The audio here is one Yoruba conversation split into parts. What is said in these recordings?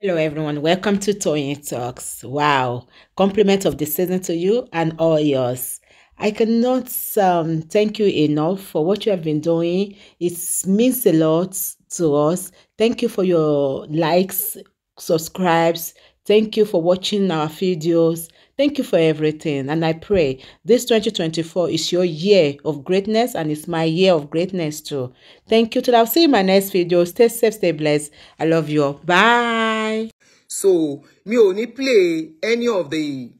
Hello, everyone. Welcome to Toyeen Talks. Wow. Compliment of the season to you and all yours. I cannot um, thank you enough for what you have been doing. It means a lot to us. Thank you for your likes, subscribes. Thank you for watching our videos. Thank you for everything. And I pray this 2024 is your year of greatness and it's my year of greatness too. Thank you. Till I'll see you in my next video. Stay safe, stay blessed. I love you all. Bye. So, me only play any of the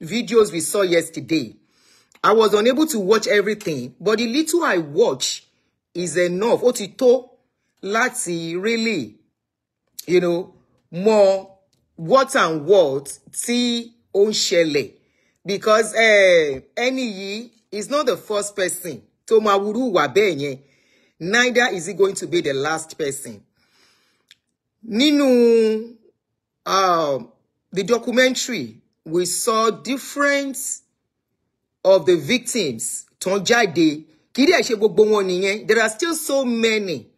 videos we saw yesterday. I was unable to watch everything, but the little I watch is enough. Ó ti tó láti really, you know, more what and what see ó ń because eh, ẹni uh, yìí is not the first person to máa wúrú ìwà neither is he going to be the last person. Nínú uh, the documentary we saw different of the victims tó ń jáde kì gbogbo wọn nìyẹn there are still so many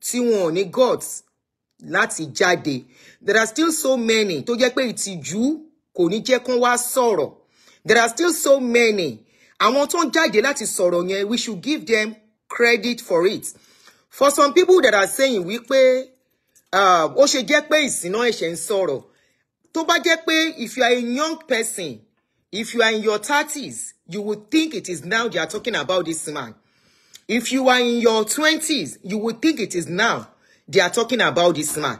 tí wọn ò ní guts láti there are still so many tó jẹ́ pé ìtìjú kò ní jẹ́ kán wá sọ̀rọ̀ there are still so many àwọn tó ń jáde láti sọ̀rọ̀ yẹn we should give them credit for it for some people that are saying wípé uh, ó ṣe jẹ́ pé ìsìná ẹ̀ṣẹ̀ ń sọ̀rọ̀ tó bá jẹ́ pé if you are a young person if you are in your thirties you would think it is now they are talking about this man if you are in your twenties you would think it is now they are talking about this man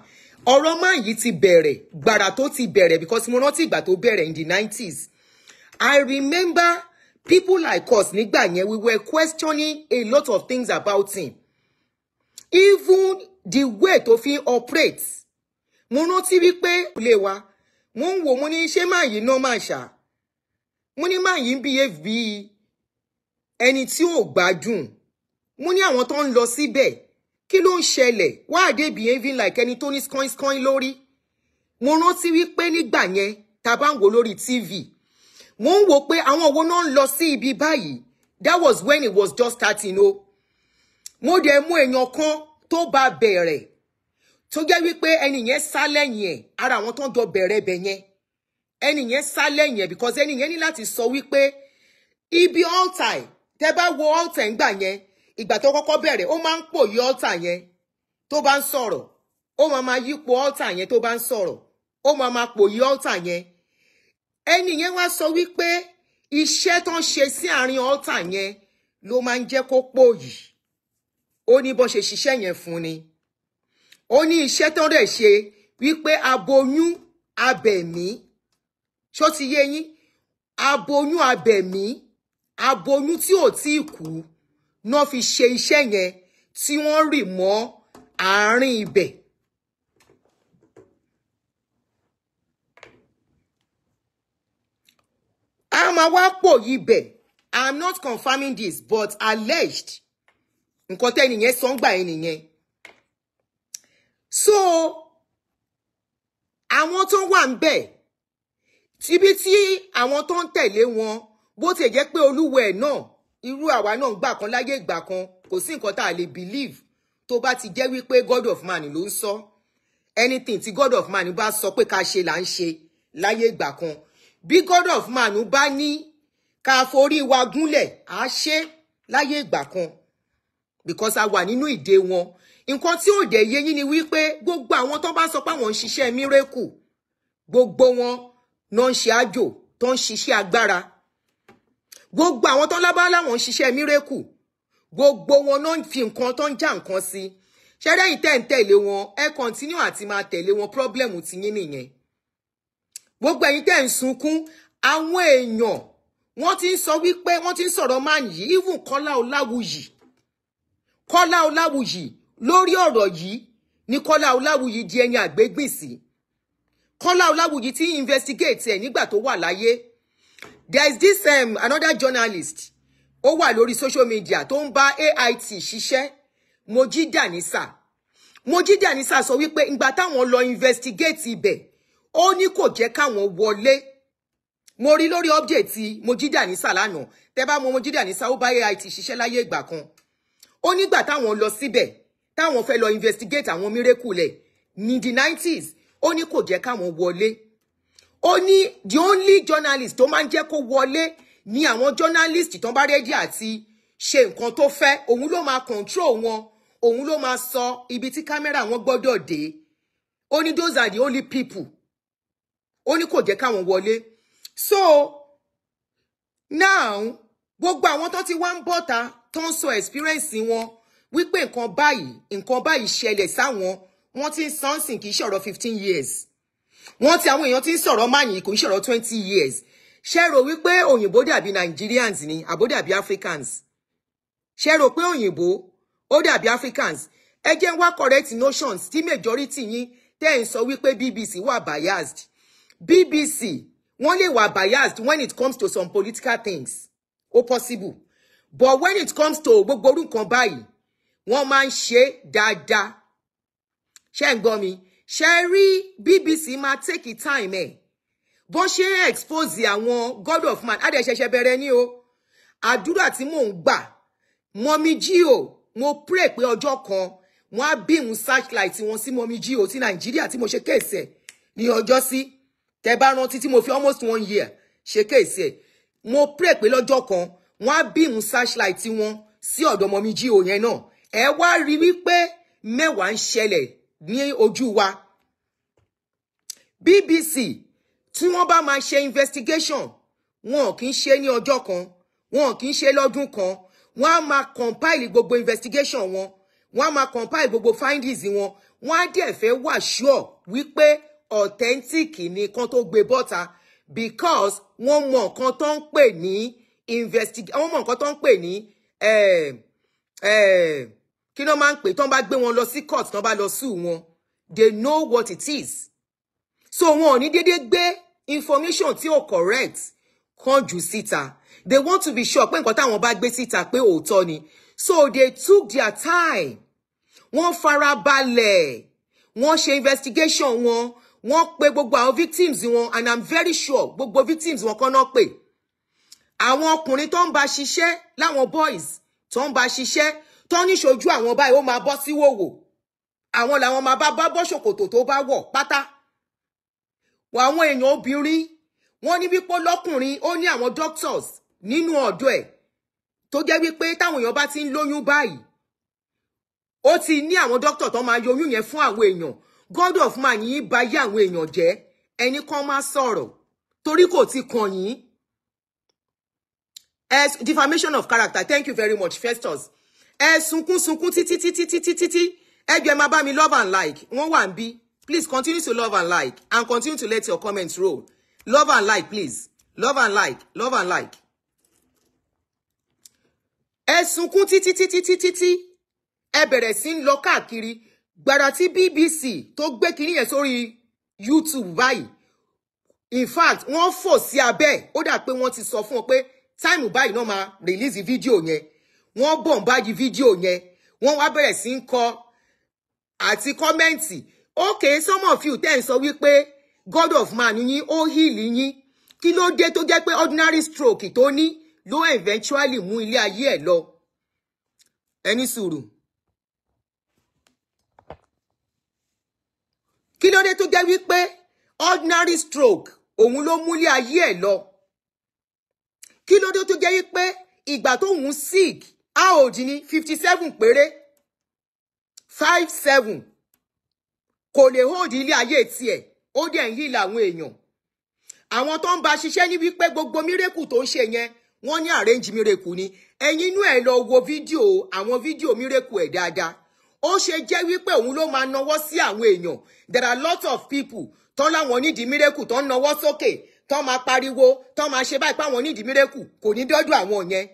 ọ̀rọ̀ máa yìí ti bẹ̀rẹ̀ gbàrà tó ti bẹ̀rẹ̀ because mo rántí ìgbà tó bẹ̀rẹ̀ in the nineties I remember people like us nígbà yẹn we were questioning a lot of things about him even the way tó fi operate mo rántí wípé ilé wa mo ń wò mo ní ṣé máa yìí náà máa ṣá mo ní máa yìí ń behave bíi ẹni tí ò gbádùn mo ní àwọn tó ń lọ síbẹ̀ kí ló ń ṣẹlẹ̀ why are they behaving like ẹni tó ní skoinskoin lórí mo rántí wípé nígbà yẹn tá a bá ń wò lórí tv mo ń wò pé àwọn wo náà ń lọ sí ibi báyìí that was when it was just starting o oh. mo dẹ̀ mú èèyàn kan tó bá bẹ̀rẹ̀ tó jẹ́ wípé ẹni yẹn sá lẹ́yìn ẹ̀ ara àwọn tó ń jọ bẹ̀rẹ̀ bẹ̀ yẹn ẹni yẹn sá lẹ́yìn ẹ̀ because ẹni yẹn ní láti sọ wípé ibi altai. tẹ bá wo altar ńgbà yẹn ìgbà tó kọ́kọ́ bẹ̀rẹ̀ ó máa ń pòyí ọ́tà yẹn tó bá ń sọ̀rọ̀ ó máa máa yípo ọ́tà yẹn tó bá ń sọ̀rọ̀ ó máa máa pòyí ọ́tà yẹn ẹni yẹn wá sọ wípé iṣẹ́ tó ń ṣe sí àárín ọ́tà yẹn ló máa ń jẹ́ kó pòyì ó ní bó ṣe ṣiṣẹ́ yẹn fún ni ó ní iṣẹ́ tó rẹ̀ ṣe wípé aboyún abẹ̀mí ṣó ti yé yín aboyún abẹ̀mí aboyún tí ò tí ì kú náà fi ṣe iṣẹ́ yẹn tí wọ́n rì mọ́ àárín ibẹ̀. a máa wá pò yìí bẹ̀ i'm not confirming this but alleged nǹkan tẹ́ni yẹn sọ yẹn nìyẹn. so àwọn tó wà ń bẹ̀ tíbi tí àwọn tó ń tẹ̀lé wọn bó ti jẹ́ pé olúwẹ̀ náà irú àwa náà gbà kan láyé ìgbà kan kò sí nǹkan tá a lè believe tó bá ti jẹ́ wípé God of man ló ń sọ anything tí God of man bá sọ pé ká ṣe là ń ṣe láyé ìgbà kan bí God of man bá ní ká forí wa gúnlẹ̀ á ṣe láyé ìgbà kan because a wà nínú ìdè wọn nǹkan tí ò dẹ̀ yé yín ni wípé gbogbo àwọn tó bá sọ pé àwọn ń ṣiṣẹ́ mírèkù gbogbo wọn náà ń ṣe àjò tó ń ṣiṣẹ́ agbára gbogbo àwọn tó ń lábá láwọn ń ṣiṣẹ́ mírèkù gbogbo wọn náà ń fi nǹkan tó ń já nǹkan sí ṣẹ́rẹ́yìn tẹ́ ń tẹ̀lé wọn ẹ kọ́ntínú àti máa tẹ̀lé wọn pírọ́blẹ́mù ti yín nìyẹn gbogbo ẹ̀yin tẹ́ ń sunkún àwọn èèyàn wọ́n ti ń sọ wípé wọ́n ti ń sọ̀rọ̀ máa yí even Kọ́lá Ọláwùyí Kọ́lá Ọláwùyí lórí ọ̀rọ̀ yìí ni Kọ́lá Ọláwùyí di ẹni àgbégbìn sí Kọ́lá Ọláwùyí ti investigate ẹ̀ nígbà tó wà láyé there is this um, another journalist ó wà lórí social media tó ń bá AIT ṣiṣẹ́ Mojí Danisa Mojí Danisa sọ wípé ìgbà táwọn lọ investigate ibẹ̀ ó ní kò jẹ́ káwọn wọlé mo rí lórí update Mojí Danisa lánàá tẹ́ bá mo Mojí Danisa ó bá AIT ṣiṣẹ́ láyé ìgbà kan ó nígbà táwọn lọ síbẹ̀ táwọn fẹ́ lọ investigate àwọn miracle lẹ̀ ní the nineties ó ní kò jẹ́ káwọn wọlé ó ní the only journalist tó máa ń jẹ́ kó wọlé ni àwọn journalist tó bá rẹ́dí àti ṣe nǹkan tó fẹ́ òun ló máa control wọn òun ló máa sọ ibi tí kámẹ́rà wọn gbọ́dọ̀ dé ó ní those are the only people ó ní kò jẹ́ káwọn wọlé so now gbogbo àwọn tó ti wá ń bọ́ta tó ń sọ experience wọn wípé nǹkan báyìí nǹkan báyìí ṣẹlẹ̀ sáwọn wọ́n ti ń sánsìn kì í ṣe ọ̀rọ̀ fifteen years wọ́n ti àwọn èèyàn ti ń sọ̀rọ̀ máyìn kò ń sọ̀rọ̀ twenty years ṣe rò wípé òyìnbó dàbí Nigerians ni àbó dàbí Africans ṣe rò pé òyìnbó ó dàbí Africans ẹ jẹ́ wá correct notions tí majority yín tẹ́ ń sọ wípé BBC wà biased BBC wọ́n lè wà biased when it comes to some political things ó possible but when it comes to gbogbo orú nǹkan báyìí wọ́n máa ń ṣe dáadáa ṣé ń gbọ́ mi ṣe rí BBC máa take time ẹ̀ bó ṣe expose àwọn God of man á dẹ̀ ṣẹ̀ṣẹ̀ bẹ̀rẹ̀ ní o àdúrà tí mò ń gbà mọ́mí jí o mo pray pé ọjọ́ kan wọ́n á bí òun searchlight wọn sí mọ́mí jí o ti Nàìjíríà tí mo ṣe kéèsì ẹ̀ ní ọjọ́ sí tẹ́ bá rántí tí mo fi almost one year ṣe kéèsì ẹ̀ mo pray pé lọ́jọ́ kan wọ́n á bí òun searchlight wọn sí ọ̀dọ̀ mọ́mí jí o yẹn náà ẹ wá rí wípé mẹ́wàá ń ṣẹlẹ̀ ní ojú wa BBC tí wọ́n bá máa ṣe investigation wọn ò kì í ṣe ní ọjọ́ kan wọn ò kì í ṣe lọ́dún kan wọ́n á máa compile gbogbo investigation wọn wọ́n á máa compile gbogbo findings wọn wọ́n á dẹ̀ fẹ́ wà sure wípé authentic nìkan tó gbé bọ́ta because wọ́n mọ nǹkan tó ń pè ní investigation wọ́n mọ nǹkan tó ń pè ní. Eh, eh, kí ló máa ń pè tán bá gbé wọn lọ sí court tán bá lọ sùn wọn they know what it is so wọn ò ní déédéé gbé information tí ò correct kan jù síta they want to be sure pé nǹkan táwọn bá gbé síta pé òótọ́ ni so they took their time wọ́n fara balẹ̀ wọ́n ṣe investigation wọn wọ́n pe gbogbo àwọn victims wọn and i'm very sure gbogbo victims wọn kan náà pè àwọn ọkùnrin tó ń bá ṣiṣẹ́ láwọn boys tó ń bá ṣiṣẹ́ tán ní ṣojú àwọn báyìí ó máa bọ́ sí wòwò àwọn làwọn máa bá bá bọ́ ṣòkòtò tó bá wọ̀ pátá àwọn èèyàn obìnrin wọ́n ní wípé lọ́kùnrin ó ní àwọn doctors nínú ọ̀dọ̀ ẹ̀ tó jẹ́ wípé táwọn èèyàn bá ti ń lóyún báyìí ó ti ní àwọn doctor tó máa yọyún yẹn fún àwọn èèyàn god of man yìí bà yé àwọn èèyàn jẹ́ ẹni kan máa sọ̀rọ̀ torí kò ti kàn yín defamation of character thank you very much Festus ẹ sunkún sunkún títí títí títí títí ẹjọ máa bá mi love and like wọ́n wà ń bí please continue to love and like and continue to let your comments roll love and like please love and like love and like. ẹ sunkún títí títí títí tí ẹ bẹ̀rẹ̀ sí ń lọ káàkiri gbàrà tí BBC tó gbé kinní yẹn sórí YouTube báyìí in fact wọ́n fò sí abẹ́ ó dà pé wọ́n ti sọ fún ọ pé táìmù báyìí náà máa release fídíò yẹn wọ́n bọ̀ ń báyìí fídíò yẹn wọ́n wá bẹ̀rẹ̀ sí ń kọ àti kọ́mẹ́ǹtì okay some of you tẹ́ ń sọ wípé god of man yín ó heal yín kí ló dé tó jẹ́ pé ordinary stroke tó ní ló eventually mú ilé ayé ẹ̀ lọ ẹni sùúrù. kí ló dé tó jẹ́ wípé ordinary stroke òun ló múlé ayé ẹ̀ lọ kí ló dé tó jẹ́ wípé ìgbà tóun sick a ò dín ní fifty seven péré five seven kò lè hold ilé ayé tiẹ̀ ó dẹ̀ ń yí làwọn èèyàn àwọn tó ń bá ṣiṣẹ́ ní wípé gbogbo mírèkù tó ń ṣe yẹn wọ́n ní arrange mírèkù ni ẹ̀yin inú ẹ̀ lọ wo fídíò àwọn fídíò mírèkù ẹ̀ dáadáa ó ṣe jẹ́ wípé òun ló máa nawọ́ sí àwọn èèyàn there are lots of people tó láwọn nídìí mírèkù tó ń nawọ́ sókè tó máa pariwo tó máa ṣe báyìí pé àwọn nídìí mírèkù kò ní dọ́dọ̀ àwọn yẹn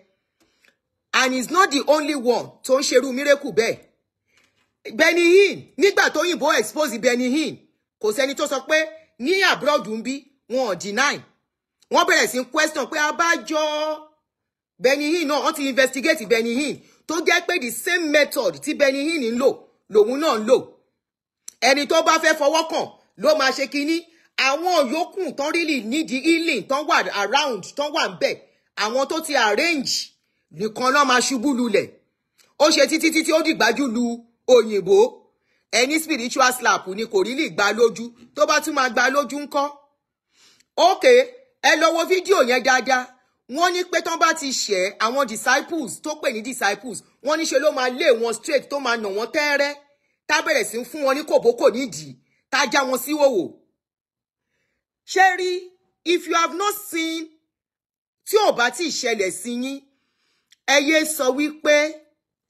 and he's not the only one tó ń ṣerú mírèkù bẹ́ẹ̀ Benny Hinn nígbà tó yìnbó expose Benny Hinn kò sẹ́ni tó sọ pé ní abroad ń bí wọn ò deny wọ́n bẹ̀rẹ̀ sí question pé abájọ́ Benny Hinn náà wọ́n ti investigate Benny Hinn tó jẹ́ pé the same method tí Benny Hinn ń lò lòun náà ń lò ẹni tó bá fẹ́ fọwọ́ kàn ló máa ṣe kínní àwọn yòókù tán really need healing tán wà around tán wà ń bẹ̀ àwọn tó ti arrange nìkan náà máa ṣubú lulẹ̀ ó ṣe títí títí ó dìgbájú lu òyìnbó ẹni spiritual slap ni kò rí lè gba lójú tó bá tún máa gba lójú ńkọ́ ókè ẹ lọ wo fídíò yẹn dáadáa wọ́n ní pé tán bá ti ṣẹ̀ àwọn disciples tó pè ní disciples wọ́n ní ṣe ló máa lé wọn straight tó máa nà wọ́n tẹ́ẹ́rẹ́ tá bẹ̀rẹ̀ sí fún wọn ní kòbókò nídìí tá já wọn sí wòwò ṣé rí if you have not seen tí ò bá ti ṣẹlẹ̀ sí yín ẹ yé sọ wípé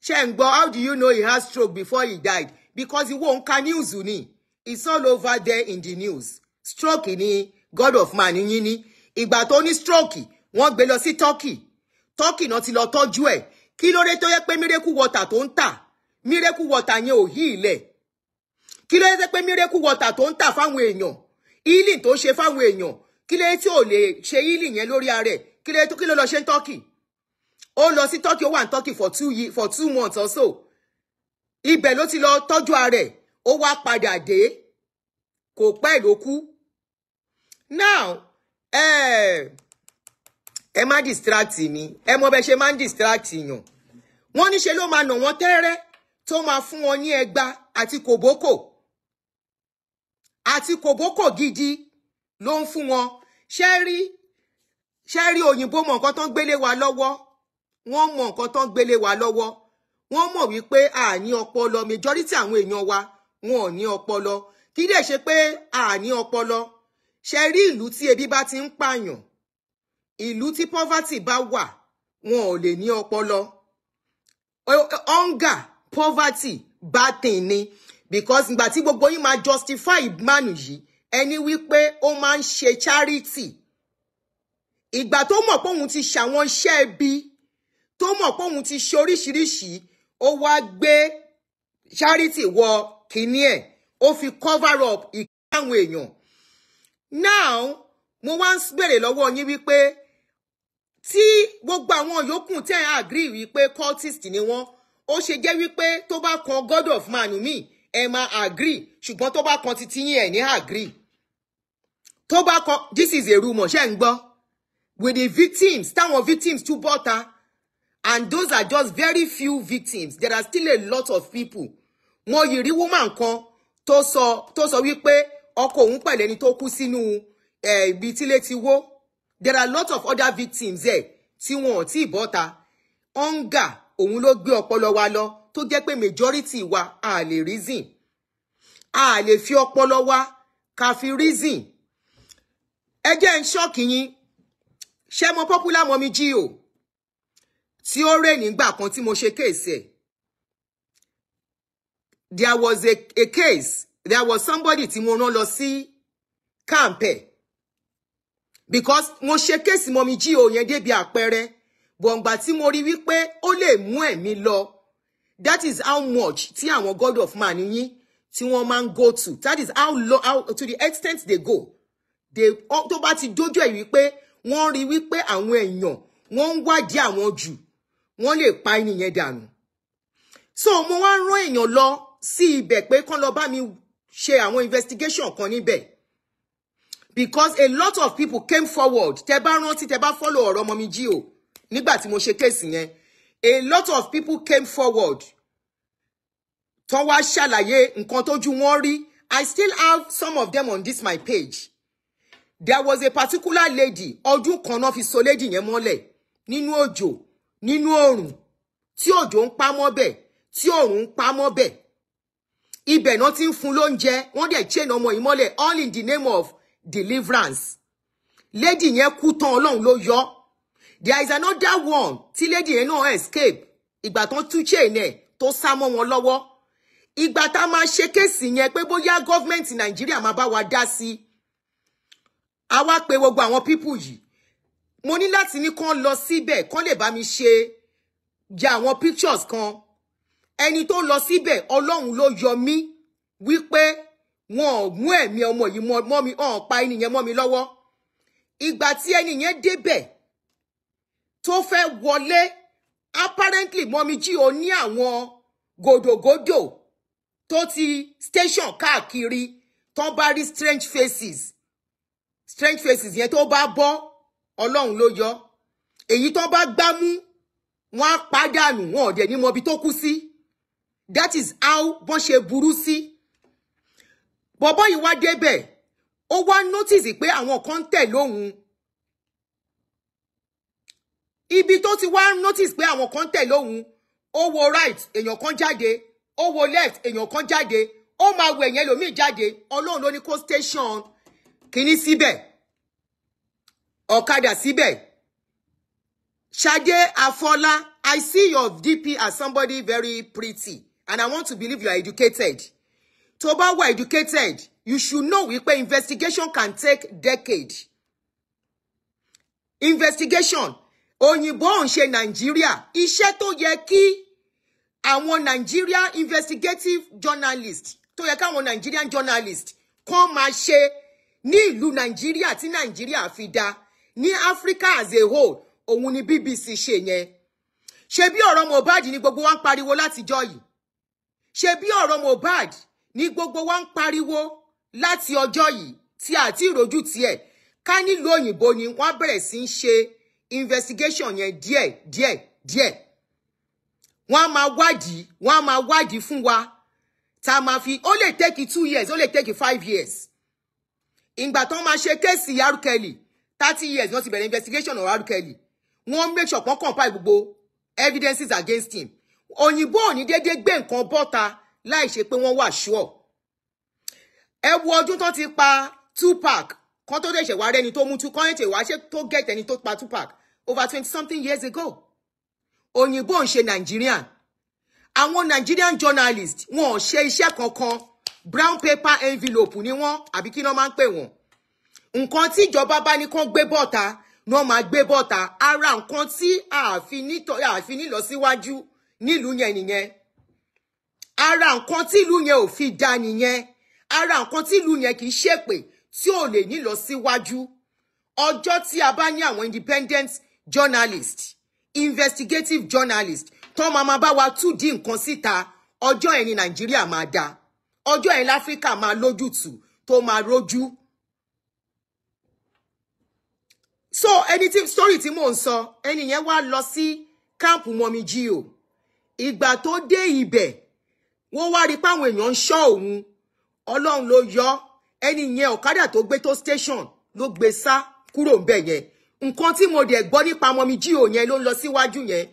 ṣe ń gbọ́ how do you know he had stroke before he died because ìwọ ń ka news ni it's all over there in the news stroke ni god of man yín ni ìgbà tó ní stroke wọ́n gbé lọ sí turkey turkey náà ti lọ tọ́jú ẹ̀ kí ló dé tó yẹ pé miracle water tó ń tà miracle water yẹn ò hí ilẹ̀ kí ló dé pé miracle water tó ń tà fáwọn èèyàn healing tó ṣe fáwọn èèyàn kí ló dé tí ò lè ṣe healing yẹn lórí ara ẹ̀ kí ló kí ló lọ ṣe ń turkey ó lọ sí turkey ó wà ní turkey for two years for two months or so ibẹ̀ ló ti lọ tọ́jú ara ẹ̀ ó wá padà dé kò pẹ́ ló kú now eh, ẹ má distract mi ẹ mọ bẹ ṣe má distract yàn wọ́n níṣe ló máa nà wọ́n tẹ́rẹ́ tó máa fún wọn ní ẹgba àti kòbókò àti kòbókò gidi ló ń fún wọn ṣe rí ṣe rí òyìnbó mọ nǹkan tó ń gbélé wa lọ́wọ́ wọ́n mọ nǹkan tó ń gbélé wa lọ́wọ́ wọ́n mọ̀ wípé àní ọpọlọ majority àwọn èèyàn wa wọn ò ní ọpọlọ kí dẹ̀ ṣe pé àní ọpọlọ ṣe rí ìlú tí ebi bá ti ń pààyàn ìlú tí poverty bá wà wọn ò lè ní ọpọlọ hunger poverty bad thing ni because ìgbà tí gbogbo yín máa justify ìmánu yìí ẹni wípé ó máa ń ṣe charity ìgbà tó mọ̀ pé òun ti ṣàwọn iṣẹ́ bíi tó mọ̀ pé òun ti ṣe oríṣiríṣi ó wá gbé charity wọ kínní ẹ̀ ó fi cover up ìkíni àwọn èèyàn now mo wá ń béèrè lọ́wọ́ yín wípé tí gbogbo àwọn yòókù tẹ́ ẹ̀ agree wípé cultist ni wọ́n ó ṣe jẹ́ wípé tó bá kan god of man mi ẹ máa agree ṣùgbọ́n tó bá kan titi yín ẹ̀ ní agree tó bá kan this is a rumour ṣe ń gbọ́ with the victims táwọn victims tún bọ́ta and those are just very few victims there are still a lot of people mo yìí rí woman kan tó sọ tó sọ wípé ọkọ òun pẹ̀lú ẹni tó kú sínú eh, ibi tílé ti wó there are a lot of other victims ẹ̀ tí wọn ò tí ì bọ́ta hunger òun ló gbé ọpọlọ wa lọ tó jẹ́ pé majority wa a lè reason a lè fi ọpọlọ wa ká fi reason ẹ jẹ́ ń ṣọ́ọ̀kì yín ṣé mo popular mọ́ mi jí o tí ó rè nígbà kan tí mo ṣe kéèsì ẹ̀ there was a, a case there was somebody tí mo rán lọ sí camp ẹ̀ because mo ṣe kéèsì mọ́mi jí o yẹn débi àpẹẹrẹ bọ̀ǹgbà tí mo rí wípé ó lè mú ẹ̀mí lọ that is how much tí àwọn god of man yín tí wọ́n máa go to that is how low how to the extent they go they tó bá ti dójú ẹ̀ wípé wọ́n rí wípé àwọn èèyàn wọ́n ń wádìí àwọn jù wọ́n lè pa ẹni yẹn dànù so mo wá rán èèyàn lọ sí ibẹ̀ pé kán lọ bá mi ṣe àwọn investigation kan níbẹ̀ because a lot of people came forward tẹ bá rántí tẹ bá follow ọ̀rọ̀ ọmọ mi jí o nígbà tí mo ṣe kéèsì yẹn a lot of people came forward tán wá ṣàlàyé nǹkan tójú wọn rí I still have some of them on this my page there was a particular lady ọdún kan náà fi so lady yẹn mọ́lẹ̀ nínú òjò nínú oòrùn tí òjò ń pa mọ́bẹ̀ tí oòrùn ń pa mọ́bẹ̀ ibẹ̀ náà ti ń fún lóúnjẹ wọ́n dẹ̀ chain ọmọ yìí mọ́lẹ̀ all in the name of deliverance lady yẹn kú tán ọlọ́run ló yọ there is another one tí lady yẹn náà escape ìgbà tán tú chain ẹ̀ tó sá mọ́ wọn lọ́wọ́ ìgbà tá a máa ṣe kéèsì yẹn pé bóyá gọ́ọ̀mẹ̀ntì nàìjíríà máa bá wa dá sí i a pe gbogbo àwọn pípù yìí mo ní láti ní kán lọ síbẹ̀ kán lè bá mi ṣe ya àwọn pictures kan ẹni tó lọ síbẹ̀ ọlọ́run ló yọ mí wípé wọn ò mú ẹ̀mí ọmọ yìí mọ́ mi ọ̀n pa ẹni yẹn mọ́ mi lọ́wọ́ ìgbà tí ẹni yẹn débẹ̀ tó fẹ́ wọlé apparently mi jí o ní àwọn gòdògòdò tó ti station káàkiri tó bá rí strange faces strange faces yẹn tó bá bọ́ ọlọ́run ló yọ èyí tó bá gbámú wọn á pàdánù wọn ọ̀dẹ̀ ní mọbi tó kú sí that is how bọ́n ṣe burú sí bọ́bọ́ yìí wá débẹ̀ ó wá notice pé àwọn kan ń tẹ̀ lóhun ibi tó ti wá notice pé àwọn kan ń tẹ̀ lóhun ó wo right èèyàn kan jáde ó wo left èèyàn kan jáde ó máa wo ẹ̀yìn ẹlòmíì jáde ọlọ́run ló ní kó station kìíní síbẹ̀ ọ̀kadà síbẹ̀ Ṣadé Afọlá I see your DP as somebody very pretty and I want to believe you are educated tó bá wà educated you should know wípé investigation can take decade investigation òyìnbó ń ṣe Nàìjíríà iṣẹ́ tó yẹ kí àwọn Nigerian investigative journalist tó yẹ káwọn Nigerian journalist kan máa ṣe ní ìlú Nàìjíríà tí Nàìjíríà fi dáa ní Africa as a whole òun ni BBC ṣe yẹn ṣe bí ọ̀rọ̀ Mohbad ni gbogbo wa ń pariwo látijọ́ yìí ṣe bí ọ̀rọ̀ Mohbad ni gbogbo wa ń pariwo láti ọjọ́ yìí tí àti ìrojú tiẹ̀ ká nílùú òyìnbó ni wọ́n bẹ̀rẹ̀ sí í ṣe investigation yẹn díẹ̀ díẹ̀ díẹ̀ wọ́n á máa wádìí wọ́n á máa wádìí fún wa tá a máa fi ó lè tẹ́kì two years ó lè tẹ́kì five years ìgbà tó máa ṣe kéèsì yárúkẹ́lì thirty years ni wọ́n ti bẹ̀rẹ̀ investigation ọ̀rọ̀ Arukeli wọ́n make sure pọ́n compile gbogbo evidences against him òyìnbó ò ní déédéé gbé nǹkan bọ́ta láì ṣe pé wọ́n wà sure ẹ wo ọdún tó ti pa Tupac kan tó dẹ̀ṣẹ̀ wá rẹ́ni tó mú tu kan ètò ìwáṣẹ́ tó get ẹni tó pa Tupac over twenty something years ago òyìnbó ń ṣe Nàìjíríà àwọn Nigerian journalist wọn ò ṣe iṣẹ́ kankan brown paper envelope ni wọ́n àbí kí ni wọ́n máa ń pè wọ́n nǹkan tí ìjọba bá ní kán gbé bọ́ta ni wọ́n máa gbé bọ́ta ara nǹkan tí àfi nílọsíwájú nílùú yẹn nìyẹn ara nǹkan tí ìlú yẹn ò fi da nìyẹn ara nǹkan tí ìlú yẹn kì í ṣèpè tí ò lè nílọsíwájú ọjọ́ tí a bá ní àwọn independent journalist investigative journalist tó máa ma bá wa túdìí nǹkan síta ọjọ́ yẹn ni nàìjíríà máa da ọjọ́ yẹn láfíríkà máa lójútùú tó máa rójú. so ẹni tí story tí mò ń sọ ẹni yẹn wá lọ sí káàmpù mọmi jí o ìgbà tó dé ibẹ̀ wọ́n wá rí páwọn èèyàn ń ṣọ́ òun ọlọ́run ló yọ ẹni yẹn ọ̀kadà tó gbé tó station ló gbé sá kúrò ńbẹ̀ yẹn nǹkan tí mo dẹ̀ gbọ́ nípa mọmi jí o yẹn ló ń lọ síwájú yẹn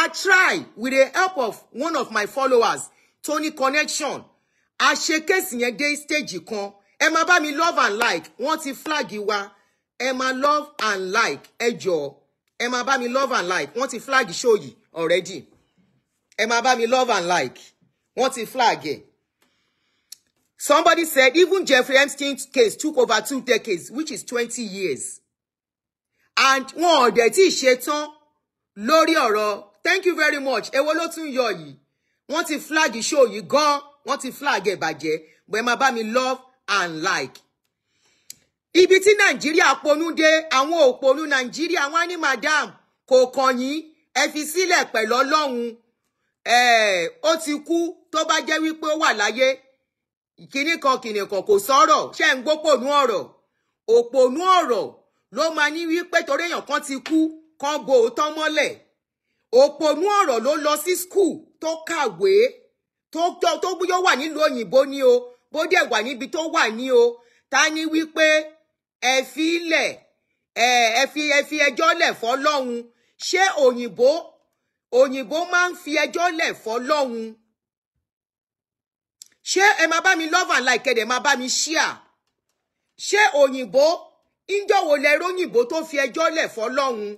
I try with the help of one of my followers Tony Connection a ṣe kéèsì yẹn dé stage kan ẹ máa bá mi love and like wọ́n ti flag wa ẹ máa love and like ẹ jọ̀ọ́ ẹ máa bá mi love and like wọ́n ti flag show yìí already ẹ máa bá mi love and like wọ́n ti flag ẹ̀. Somebody said even Jeffrey Epstein's case took over two decades, which is twenty years. And wọn ò dẹ̀ tí ì ṣe tán lórí ọ̀rọ̀ thank you very much Ewo ló tún yọ yìí wọ́n ti flag show yìí gan-an wọ́n ti flag ẹ̀ bàjẹ́ bẹ́ẹ̀ máa bá mi love and like ibi tí nàìjíríà ponú dé àwọn òponú nàìjíríà wọn ní madam kò kàn yín ẹ fi sílẹ̀ pẹ̀lú ọlọ́run ó ti kú tó bá jẹ́ wípé ó wà láyé kíní kan kìnì kan kò sọ̀rọ̀ ṣé ń gbópònú ọ̀rọ̀ òponú ọ̀rọ̀ ló máa ní wípé torí èèyàn kan ti kú kan bo òótọ́ mọ́lẹ̀ òponú ọ̀rọ̀ ló lọ sí skul tó kàwé tó tó wà nílùú òyìnbó ni o bó dẹ̀ wà níbi tó wà ní o ta ni wípé ẹ fi lẹ̀ ẹ fi ẹ fi ẹjọ́ lẹ̀ fọlọ́hun ṣé òyìnbó òyìnbó máa ń fi ẹjọ́ lẹ̀ fọlọ́hun ṣé ẹ máa bá mi love and like ẹ̀dẹ̀ máa bá mi share ṣé òyìnbó ìjọ̀wọ́ lẹ́rọ òyìnbó tó fi ẹjọ́ lẹ̀ fọlọ́hun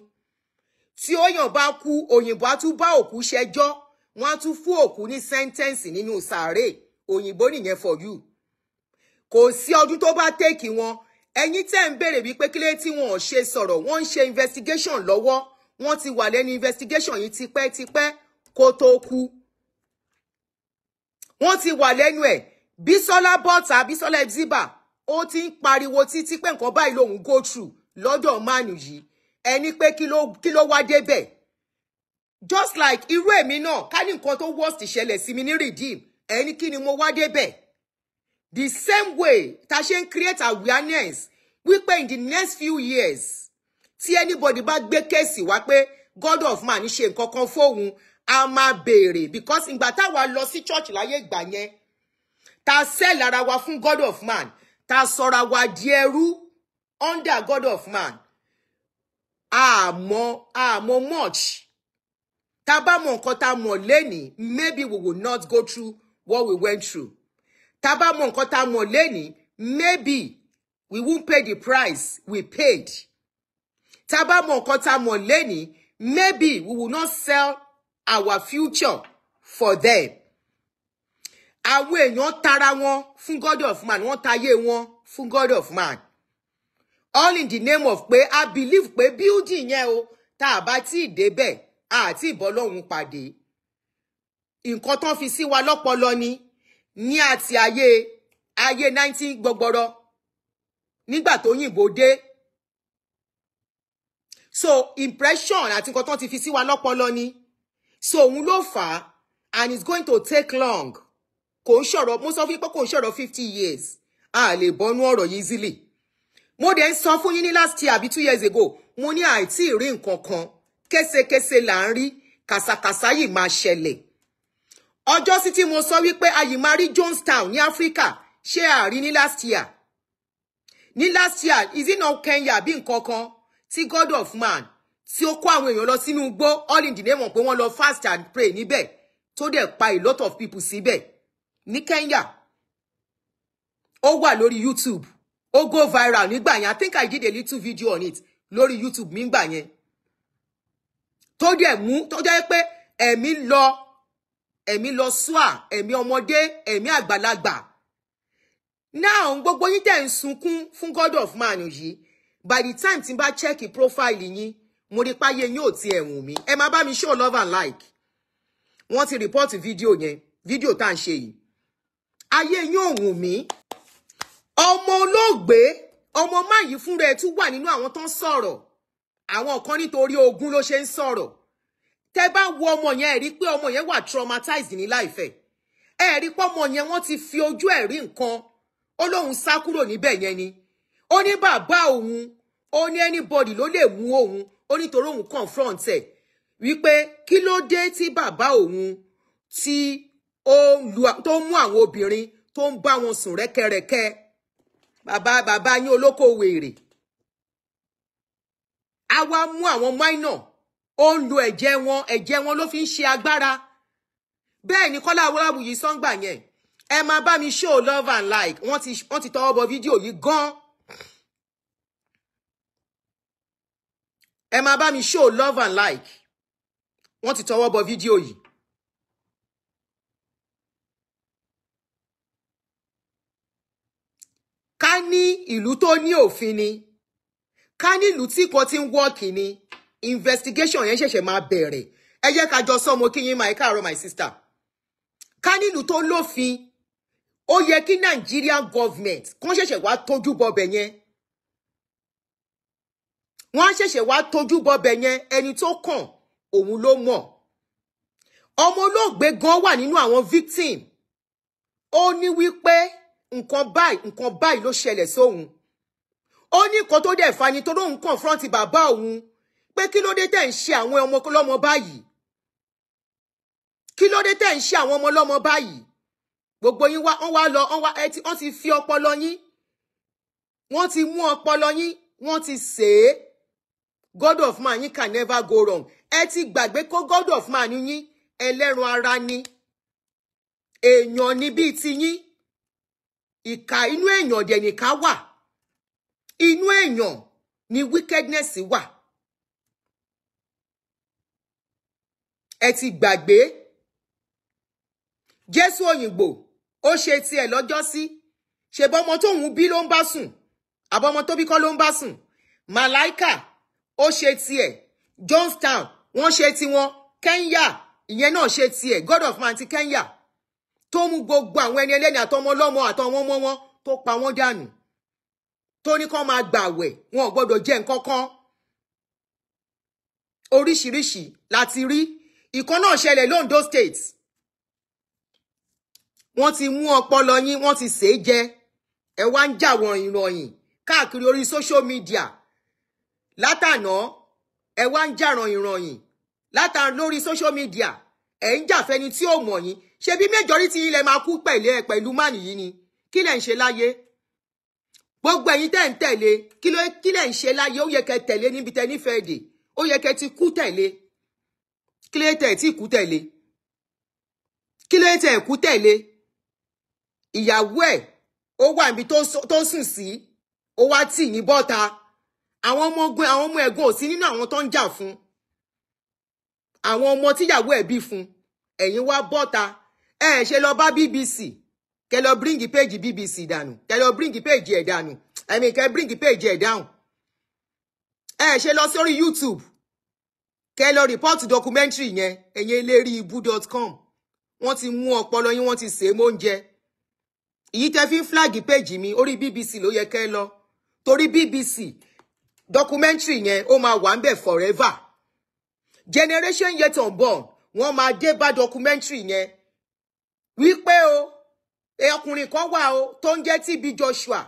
tí òyàn bá kú òyìnbó á tún bá òkú ṣẹjọ́ wọ́n á tún fún òkú ní sẹ́ńtẹ́ǹsì nínú sàárè òyìnbó nìyẹn for you kò sí ọdún tó bá tẹ́kì wọn ẹ̀yin tẹ́ ń béèrè wípé kílé tí wọn ò ṣe sọ̀rọ̀ wọ́n ń ṣe investigation lọ́wọ́ wọ́n ti wà lẹ́nu investigation yìí tipẹ́tipẹ́ kó tó kú wọ́n ti wà lẹ́nu ẹ̀ Bísọ́lá bọta Bísọ́lá Ebziba ó ti ń pariwo títí pé nǹkan báyìí lòun go through lọ́dọ̀ mánu yìí ẹni pé kí ló kí ló wá débẹ̀ just like irú èmi náà ká ní nǹkan tó worst ṣẹlẹ̀ sí mi ní redeem ẹni kí ni mo wá débẹ̀ the same way ta ṣe ń create awareness wípé in the next few years tí anybody bá gbé kéèsì wá pé God of man ṣe nǹkan kan fóun a máa béèrè because ìgbà táwa lọ sí church láyé ìgbà yẹn ta sell ara wa fún God of man ta sọra wa di ẹrú under God of man àmọ́ àmọ́ much tá a bá mọ nǹkan tá a mọ̀ maybe we will not go through what we went through tá a bá mọ nǹkan tá a lénìí maybe we won't pay the price we paid tá a bá mọ nǹkan tá a lénìí maybe we will not sell our future for them àwọn èèyàn tara wọn fún God of man wọ́n tayé wọn fún God of man all in the name of pé i believe pé building yẹn o tá a bá tí ì débẹ̀ àti ìbọ́lọ́hún pàdé nǹkan tán fi sí wa lọ́pọlọ ni ní àti ayé ayé 19 gbọgbọrọ nígbà tó yìnbó dé so impression àti nǹkan tó ti fi sí wa lọ́pọlọ ni so òun ló fà á and it's going to take long kò ń sọ̀rọ̀ mo sọ fún yín pé kò ń sọ̀rọ̀ fifty years a lè bọ́nú ọ̀rọ̀ yìí zili mo dẹ̀ ń sọ fún yín ní last year àbí two years ago mo ní àìtí rí nǹkan kan késekése là ń rí kàsàkàsà yìí máa ṣẹlẹ̀ ọjọ́ sí tí mo sọ wípé ayimari Jonestown ní Áfíríkà ṣé àárín ní last year ní last year is it not Kenya bí nǹkan kan tí God of man tí ó kó àwọn èèyàn lọ sínú igbó all in the name of pé wọ́n lọ fast and pray níbẹ̀ tó dẹ̀ pa a lot of people síbẹ̀ ní Kenya ó wà lórí YouTube ó go viral nígbà yẹn I think I did a little video on it lórí YouTube mi gbà yẹn tó dẹ̀ mú tó jẹ́ pé ẹ̀mí lọ ẹ̀mí lọ sùà ẹ̀mí ọmọdé ẹ̀mí àgbàlagbà now gbogbo yín tẹ̀ ń sunkún fún god of man yìí by the time tí n bá check profile yín mo rí páyé yín ò ti ẹ̀wùn mi ẹ máa bá mi show love and like wọ́n ti report fídíò yẹn fídíò tá à ń ṣe yìí ayé yín ò wùn mí ọmọ olóògbé ọmọ máyì fúnra ẹ tún wà nínú àwọn tó ń sọ̀rọ̀ àwọn kan nítorí ogún ló ṣe ń sọ̀rọ̀ tẹ́ bá wo ọmọ yẹn ẹ rí pé ọmọ yẹn wà traumatized ní life ẹ ẹ rí pé ọmọ yẹn wọ́n ti fi ojú ẹ̀ rí nǹkan ó lóun sá kúrò níbẹ̀ yẹn ni ó ní bàbá òun ó ní anybody ló lè mú òun ó nítorí òun confront ẹ̀ wípé kí ló dé tí bàbá òun tí ó mú àwọn obìnrin tó ń bá wọn sùn rẹ́kẹrẹ́kẹ́ bàbá bàbá yín olóko wèrè a wá mú àwọn minor ó ń lo ẹ̀jẹ̀ wọn ẹ̀jẹ̀ wọn ló fi ń ṣe agbára bẹ́ẹ̀ ni Kọ́lá Awólabù yìí sọ́ngbà yẹn ẹ máa bá mi show love and like wọ́n ti wọ́n ti tọwọ́ bọ fídíò yìí gan ẹ máa bá mi show love and like wọ́n ti tọwọ́ bọ fídíò yìí. ká ní ìlú tó ní òfin ni ká ní ìlú tí kò ti ń wọ́ọ̀kì ni investigation yẹn ṣẹ̀ṣẹ̀ máa bẹ̀rẹ̀ ẹ jẹ́ ká jọ sọ mo kí yín máa káàárọ̀ my sister ká nílùú tó lófin ó yẹ kí Nigerian government kán ṣẹ̀ṣẹ̀ wá tójú bọbẹ̀ yẹn wọ́n á ṣẹ̀ṣẹ̀ wá tójú bọbẹ̀ yẹn ẹni tó kàn òun ló mọ̀ ọmọ olóògbé gan wà nínú àwọn victim ó ní wípé nǹkan báyìí nǹkan báyìí ló ṣẹlẹ̀ sóhun ó ní nǹkan tó dẹ̀ fani tó lóun confront bàbá òun pé kí ló dé tẹ̀ ń ṣe àwọn ọmọ lọ́mọ báyìí kí ló dé tẹ̀ ń ṣe àwọn ọmọ lọ́mọ báyìí gbogbo yín wá wọ́n wá lọ wọ́n wá ẹtí wọ́n ti fi ọpọlọ yín wọ́n ti mú ọpọlọ yín wọ́n ti sè é god of man yín can never go wrong ẹ ti gbàgbé kó god of man yín ẹlẹ́ran ara ni èèyàn ni bíi ti yín ìkà inú èèyàn dẹ̀ nìka wà inú èèyàn ni wickedness wà. ẹ ti gbàgbé Jésù Òyìnbó ó ṣe tiẹ̀ lọ́jọ́sí ṣèbọmọ tóun bí ló ń bá sùn àbọmọ tó bí kọ́ ló ń bá sùn Màláíkà ó ṣe tiẹ̀ Johnstown wọ́n ṣe tiwọn Kenya ìyẹn náà ṣe tiẹ̀ God of man ti Kenya tó mú gbogbo àwọn ẹni ẹlẹ́ni àtọmọ ọlọ́mọ àtọmọ ọmọ wọn tó pa wọ́n dànù tó ní kán máa gbàwẹ̀ wọn ò gbọ́dọ̀ jẹ nǹkan kan oríṣiríṣi láti rí ìkan náà ṣẹlẹ̀ londo state wọ́n ti mú ọpọlọ yín wọ́n ti sè é jẹ ẹ wá ń jà wọ̀nyìn rọ̀yìn káàkiri orí social media látànà ẹ wá ń jà rọ̀yìn rọ̀yìn látànà lórí social media ẹ ń jà fẹ́ni tí ò mọ̀ yín ṣe bí majority ilẹ̀ máa kú pẹ̀lẹ́ ẹ pẹ̀lú mánì yìí ni kí lẹ̀ ń ṣe láyé gbogbo ẹ̀yin tẹ́ ń tẹ̀lé kí lẹ̀ ń ṣe láyé ó yẹ kẹ́ tẹ̀lé níbi tẹ́ nífẹ̀ẹ́ dè ó yẹ kẹ́ ti kú tẹ̀lé kí ló tẹ̀ tí ìkú tẹ̀lé kí ló tẹ̀ ìkú tẹ̀lé ìyàwó ẹ̀ ó wà níbi tó sùn sí ó wá tì ní bọ́ta àwọn ọmọ ogun àwọn ọmọ ẹ̀gbọ́n ò sí nínú àwọn tó ń jà fún àwọn ọmọ tíyàwó ẹ̀ bí fún ẹ̀yin wá bọ́ta ẹ ṣe lọ bá BBC kẹ lọ bíríngì péjì BBC dànù kẹ lọ bíríngì péjì ẹ̀ dànù ẹ̀mí kẹ bíríngì péjì ẹ̀ dáhùn ẹ ṣe lọ sórí YouTube kẹ́ lọ rìpọ́ọ̀tì documentary yẹn ẹ̀yin eléri ibu dot com wọ́n ti mú ọpọlọ yín wọ́n ti sè é móúnjẹ èyí tẹ́ fi ń flag page mi orí BBC ló yẹ kẹ́ lọ torí BBC documentary yẹn ó máa wà ń bẹ̀ forever generation yet unborn wọ́n máa dé bá documentary yẹn wípé o ọkùnrin kan wà o tó ń jẹ́ TB Joshua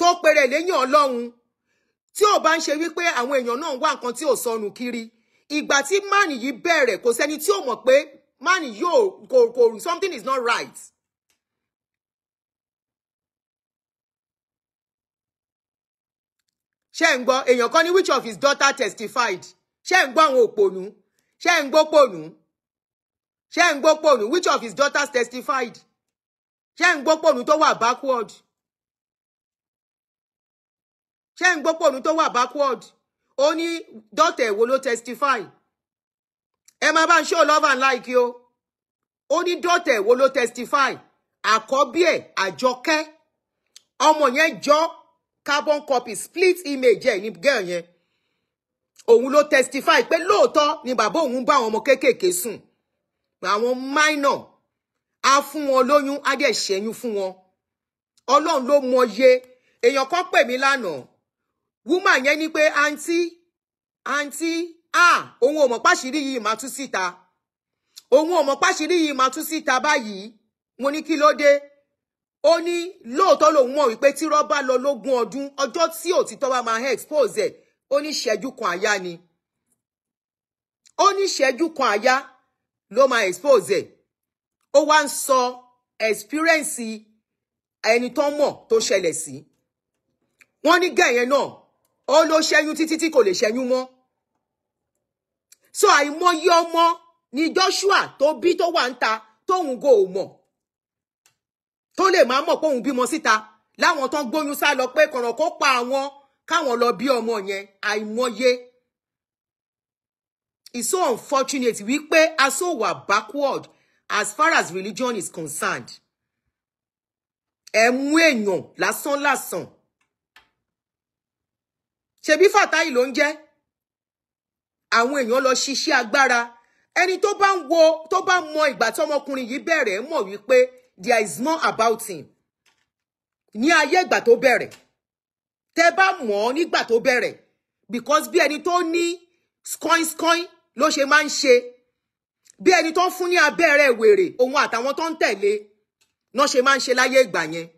tó pèrè lẹ́yìn Ọlọ́run tí ò bá ń ṣe wípé àwọn èèyàn náà wá nǹkan tí ò sọnù kiri ìgbà tí mánì yìí bẹ̀rẹ̀ kò sẹ́ni tí ò mọ̀ pé mánì yóò kò kò something is not right. ṣé ń gbọ́ èèyàn kan ní which of his daughter testified ṣé ń gbọ́ àwọn òpònú ṣé ń gbọ́ pònú ṣé ń gbọ́ pònú which of his daughters testified ṣé ń gbọ́ pònú tó wà backward ṣé ń gbọ́ pònú tó wà backward ó ní dọ́tà èwo ló testify ẹ máa bá ń show love and like o ó ní dọ́tà èwo ló testify àkọ́bí ẹ̀ àjọkẹ́ ọmọ yẹn jọ carbon copy split image ẹ̀ ní girl yẹn òun ló testify pé lóòótọ́ ni bàbá òun bá àwọn ọmọ kéékèèké sùn àwọn minor a fún wọn lóyún á dẹ̀ ṣẹ́yún fún wọn ọlọ́run ló mọye èèyàn kan pè mí lánàá woman yẹn ni pé àǹtí àǹtí ah òun ò mọ̀ páṣírí yìí máa tú síta òun ò mọ̀ páṣírí yìí máa tú síta báyìí mo ní kí ló dé ó ní lóòótọ́ lòun mọ̀ wípé tí rọ́bà lọ lógún ọdún ọjọ́ tí òtítọ́ bá máa expose ẹ̀ ó ní ṣẹ́jú kan àyá ni ó ní ṣẹ́jú kan àyá ló máa expose ẹ̀ ó wá ń sọ experience ẹni tó mọ̀ tó ṣẹlẹ̀ sí wọ́n ní gẹ̀yẹn náà ó ló ṣẹ́yún títí ti kò lè ṣẹ́yún mo. so àìmọye ọmọ ni Joshua tó bí tó wà ń ta tóun go ò mọ̀ tó lè máa mọ̀ pé òun bímọ síta láwọn tó ń gbóyún sá lọ pé kọ̀rọ̀ kó pa àwọn káwọn lọ bí ọmọ yẹn àìmọye it's so unfortunate We a so wà backward as far as religion is concerned ẹ mú èèyàn lásán lásán ṣebí Fatai ló ń jẹ́ àwọn èèyàn lọ ṣiṣẹ́ agbára ẹni tó bá ń wo tó bá mọ ìgbà tí yìí bẹ̀rẹ̀ mọ̀ wípé there is more about him ní ayé ìgbà tó bẹ̀rẹ̀ tẹ́ bá mọ̀ ọ́ nígbà tó bẹ̀rẹ̀ because bí ẹni tó ní skoinskoin ló ṣe máa ń ṣe bí ẹni tó fún ní abẹ́rẹ́ wèrè òun àtàwọn tó ń tẹ̀lé náà ṣe máa ń ṣe láyé ìgbà yẹn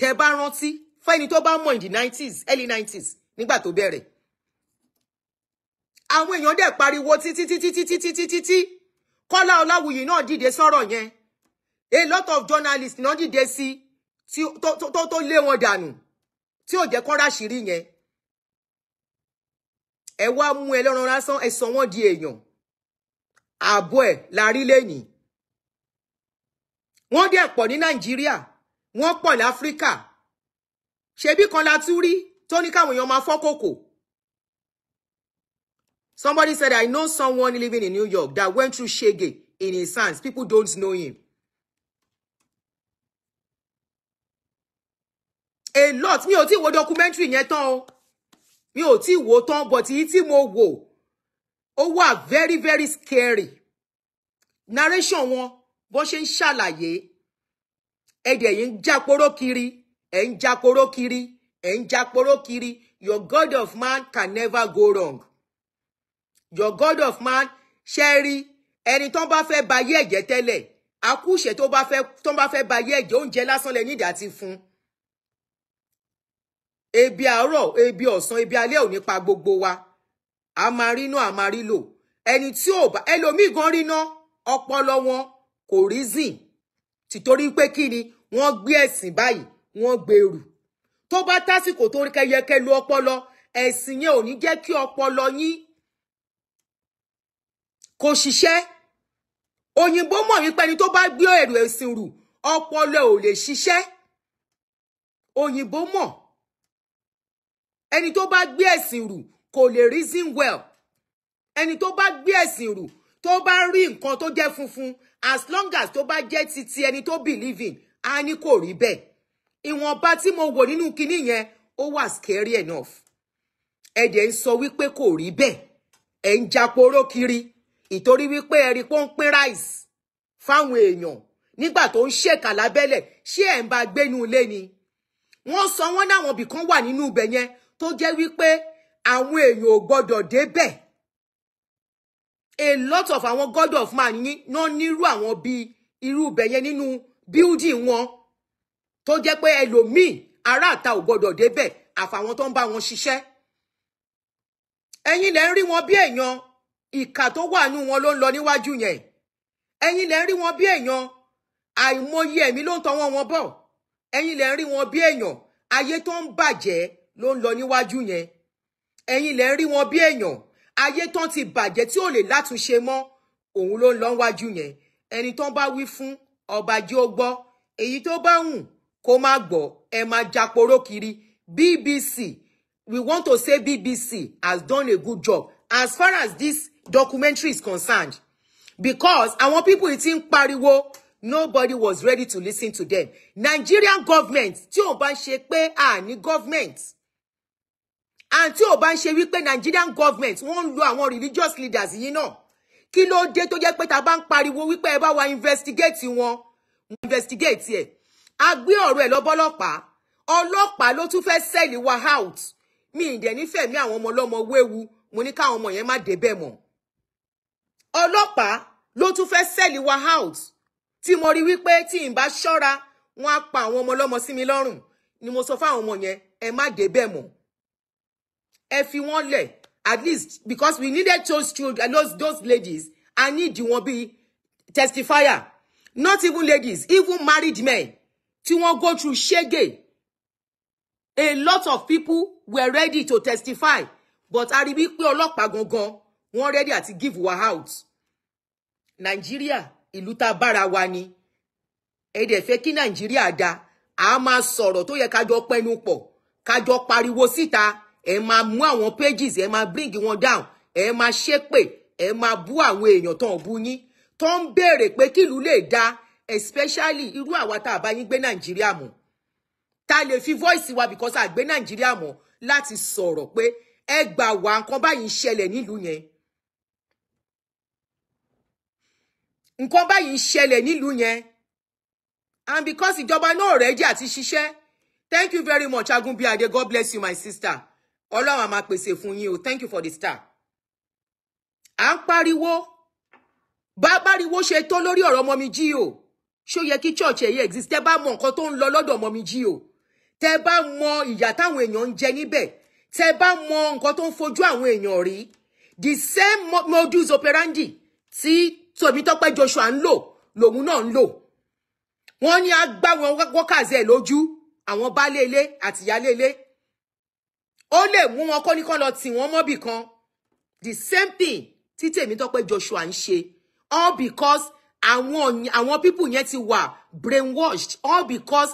tẹ́ bá rántí fẹ́ni tó bá mọ̀ in the nineties early nineties nígbà tó bẹ̀rẹ̀ àwọn èèyàn dẹ̀ pariwo títí títí títí títí títí Kọ́lá Ọláwuyì náà dìde sọ̀rọ̀ yẹn a lot of journalists náà dìde sí tó tó lé wọn dànù tí ò jẹ́ kọ́ra ṣìírí yẹn ẹ wá mú ẹ lọ́rùn lásán ẹ sọ wọ́n di èèyàn ààbọ̀ ẹ̀ la lẹ́yìn wọ́n dẹ̀ pọ̀ ní Nàìjíríà wọ́n pọ̀ ní Áfíríkà ṣebí kan la tún rí tó ní káwọn èèyàn máa fọ́kòkò. Somebody said, I know someone living in New York that went through shege in his hands. People don't know him. A lot. Mi ò tí wo documentary yẹn tán o. Mi ò tí wo tán but èyí tí mo wò ó wà very very scary. Narration wọn bó ṣe ń ṣàlàyé ẹ̀dẹ̀ yìí ń jáporó kiri ẹ̀ ń kiri ẹ̀ ń kiri your God of man can never go wrong your God of man ṣe rí ẹni tó bá fẹ́ ba ayé ẹ̀jẹ̀ tẹ́lẹ̀ akúṣe tó bá fẹ́ tó bá fẹ́ ba ayé ẹ̀jẹ̀ oúnjẹ lásán lẹ nídìí àti fún ebi àárọ̀ ebi ọ̀sán ebi alẹ́ ò ní pa gbogbo wa a máa rí náà a máa rí lò ẹni tí ò bá ẹlòmíì gan rí náà ọpọlọ wọn kò rí zìn tìtorí pé kí ni wọ́n gbé ẹ̀sìn báyìí wọ́n gbèrú tó bá tásìkò tó rí kẹyẹkẹ lu ọpọlọ ẹ̀sìn yẹn ò ní jẹ́ kí ọpọlọ yín kò ṣiṣẹ́ òyìnbó mọ̀ wípé ẹni tó bá gbé èrò ẹ̀sìn rù ọpọlọ ò lè ṣiṣẹ́ òyìnbó mọ̀ ẹni tó bá gbé ẹ̀sìn rù kò lè reason well ẹni tó bá gbé ẹ̀sìn rù tó bá rí nǹkan tó jẹ́ funfun as long as tó bá jẹ́ titi ẹni tó believe in a ní kò rí bẹ́ẹ̀ ìwọ̀nba tí mo wò nínú kinní yẹn ó wà scary enough ẹ dẹ̀ ń sọ wípé kò rí bẹ́ẹ̀ ẹ ń japoró kiri ìtorí wípé ẹ rí pé ó ń pín rice fáwọn èèyàn nígbà tó ń ṣèkà lábẹ́lẹ̀ ṣé ẹ̀ ń bá gbénu ilé ni wọ́n sọ wọ́n náwọn ibì kan wà nínú ibẹ̀ yẹn tó jẹ́ wípé àwọn èèyàn ò gbọ́dọ̀ débẹ̀ a lot of àwọn god of man yín náà nírú àwọn bíi irú ibẹ̀ yẹn nínú building wọn tó jẹ́ pé ẹlòmíì aráàta ò gbọdọ̀ débẹ̀ àfàwọn tó ń bá wọn ṣiṣẹ́ ẹ̀yin lẹ ń rí wọn bí èèyàn ìkà tó wà nù wọn ló ń lọ níwájú yẹn ẹ̀yin lẹ ń rí wọn bí èèyàn àìmọye ẹ̀mí ló ń tọwọ́ wọn bọ̀ ẹ̀yin lẹ ń rí wọn bí èèyàn ayé tó ń bàjẹ́ ló ń lọ níwájú yẹn ẹ̀yin lẹ ń rí wọn bí èèyàn ayé tó ti bàjẹ́ tí ò lè látúnṣe mọ́ òun ló ń lọ níwájú yẹn ẹni tó bá wí fún ọba jí ó gbọ́ èyí tó bá wù kó má gbọ́ ẹ máa japoró kiri BBC we want to say BBC has done a good job as far as this documentary is concerned because àwọn people ti ń pariwo nobody was ready to listen to them Nigerian government tí ò bá ń ṣe pé a government and tí ò bá ṣe wípé Nigerian government wọ́n ń lo àwọn religious leaders yìí náà kí ló dé tó jẹ́ pé ta bá ń pariwo wípé ẹ bá wa investigate wọn investigate ẹ̀ a gbé ọ̀rọ̀ ẹ̀ lọ́bọ́lọ́pàá ọlọ́pàá ló tún fẹ́ẹ́ sẹ́ẹ̀lì wa out mi ìdẹ̀ nífẹ̀ẹ́ mi àwọn ọmọ ọlọ́mọ wéwu mo ní káwọn ọmọ yẹn má débẹ̀ mọ́ ọlọ́pàá ló tún fẹ́ẹ́ sẹ́ẹ̀lì wa out tí mo rí wípé tí n bá ṣọ́ra wọn á pa àwọn ọmọ ọlọ́mọ sí mi lọ́rùn ni mo sọ fáwọn ọmọ yẹn ẹ má débẹ̀ mọ́ ẹ fi wọ́n lẹ̀ at least because we needed those children those, those ladies i need wọn be testifier not even ladies even married men tí wọ́n go through ṣégè a lot of people were ready to testify but a rí bí pé ọlọ́pàá gangan wọ́n ready àti give wa out nàìjíríà ìlú tá a bára wa ni ẹ dẹ̀ fẹ́ kí nàìjíríà da a máa sọ̀rọ̀ tó yẹ kájọ pẹnu pọ̀ kájọ pariwo síta ẹ máa mú àwọn pages ẹ máa bring wọn down ẹ máa ṣépè ẹ máa bú àwọn èèyàn tó ń bú yín tó ń béèrè pé kí ìlú da especially irú àwa tá a bá yín gbé nàìjíríà mọ́ tá lè fi voice wa because a gbé nàìjíríà mọ́ láti sọ̀rọ̀ pé ẹ gbà wá nǹkan báyìí ń ṣẹlẹ̀ nílùú yẹn nǹkan báyìí ń ṣẹlẹ̀ nílùú yẹn and because ìjọba náà ready àti ṣiṣẹ́ thank you very much agunbíadé god bless you my sister ọlọ́run á máa pèsè fún yín o thank you for the star à ń pariwo bá pariwo ṣe tó lórí ọ̀rọ̀ ọmọ mi jí o ṣó yẹ kí church ẹ̀yẹ exist tẹ́ bá mọ nǹkan tó ń lọ lọ́dọ̀ ọmọ mi jí o tẹ́ bá mọ ìyà táwọn èèyàn ń jẹ níbẹ̀ tẹ́ bá mọ nǹkan tó ń fojú àwọn èèyàn rí the same modus operandi tí Tèmítọ́pẹ́ Joshua ń lò lòun náà ń lò wọ́n ní agbá wọn wọ́kàzẹ́ ẹ̀ lójú àwọn baálé ilé àti ìyálé ilé ó lè mú wọn kọ́ ní kán lọ tì wọ́n mọ́bì kan the same thing tí Tèmítọ́pẹ́ Joshua ń ṣe all because àwọn àwọn people yẹn ti wà brainwashed all because